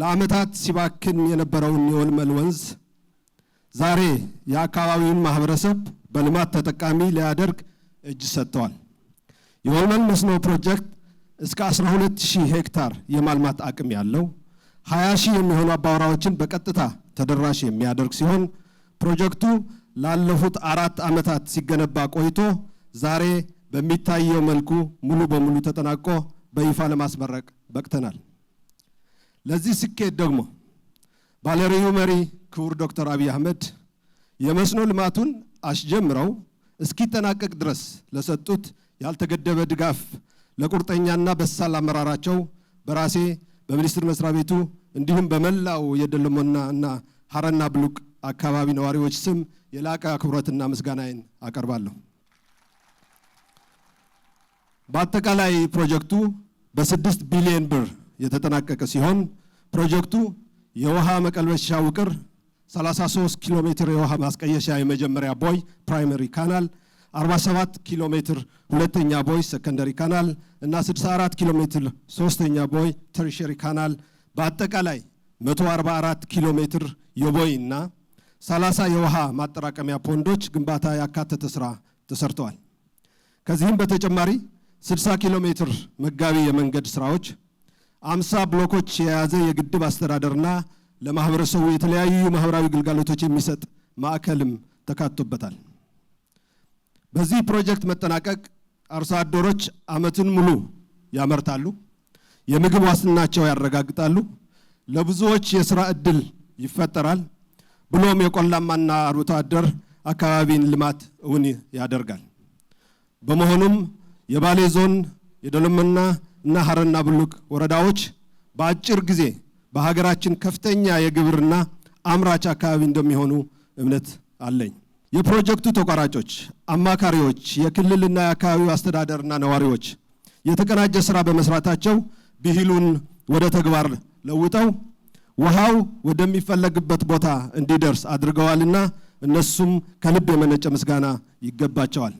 ለዓመታት ሲባክን የነበረውን የወልመል ወንዝ ዛሬ የአካባቢውን ማህበረሰብ በልማት ተጠቃሚ ሊያደርግ እጅ ሰጥተዋል። የወልመል መስኖ ፕሮጀክት እስከ 120 ሄክታር የማልማት አቅም ያለው 20 ሺህ የሚሆኑ አባወራዎችን በቀጥታ ተደራሽ የሚያደርግ ሲሆን ፕሮጀክቱ ላለፉት አራት ዓመታት ሲገነባ ቆይቶ ዛሬ በሚታየው መልኩ ሙሉ በሙሉ ተጠናቆ በይፋ ለማስመረቅ በቅተናል። ለዚህ ስኬት ደግሞ ባለርዕዩ መሪ ክቡር ዶክተር አብይ አህመድ የመስኖ ልማቱን አስጀምረው እስኪጠናቀቅ ድረስ ለሰጡት ያልተገደበ ድጋፍ ለቁርጠኛና በሳል አመራራቸው በራሴ በሚኒስትር መስሪያ ቤቱ እንዲሁም በመላው የደለሞና እና ሀረና ብሉቅ አካባቢ ነዋሪዎች ስም የላቀ አክብሮትና ምስጋናዬን አቀርባለሁ። በአጠቃላይ ፕሮጀክቱ በስድስት ቢሊዮን ብር የተጠናቀቀ ሲሆን ፕሮጀክቱ የውሃ መቀልበሻ ውቅር 33 ኪሎ ሜትር የውሃ ማስቀየሻ የመጀመሪያ ቦይ ፕራይመሪ ካናል 47 ኪሎ ሜትር ሁለተኛ ቦይ ሰከንደሪ ካናል እና 64 ኪሎ ሜትር ሶስተኛ ቦይ ተርሸሪ ካናል በአጠቃላይ 144 ኪሎ ሜትር የቦይ እና 30 የውሃ ማጠራቀሚያ ፖንዶች ግንባታ ያካተተ ስራ ተሰርተዋል። ከዚህም በተጨማሪ 60 ኪሎ ሜትር መጋቢ የመንገድ ስራዎች አምሳ ብሎኮች የያዘ የግድብ አስተዳደርና ለማህበረሰቡ የተለያዩ ማህበራዊ ግልጋሎቶች የሚሰጥ ማዕከልም ተካቶበታል። በዚህ ፕሮጀክት መጠናቀቅ አርሶ አደሮች አመትን ሙሉ ያመርታሉ፣ የምግብ ዋስትናቸው ያረጋግጣሉ፣ ለብዙዎች የስራ እድል ይፈጠራል፣ ብሎም የቆላማና አርብቶ አደር አካባቢን ልማት እውን ያደርጋል። በመሆኑም የባሌ ዞን የደሎመና እና ሀረና ብሉቅ ወረዳዎች በአጭር ጊዜ በሀገራችን ከፍተኛ የግብርና አምራች አካባቢ እንደሚሆኑ እምነት አለኝ። የፕሮጀክቱ ተቋራጮች፣ አማካሪዎች፣ የክልልና የአካባቢው አስተዳደርና ነዋሪዎች የተቀናጀ ስራ በመስራታቸው ብሂሉን ወደ ተግባር ለውጠው ውሃው ወደሚፈለግበት ቦታ እንዲደርስ አድርገዋልና እነሱም ከልብ የመነጨ ምስጋና ይገባቸዋል።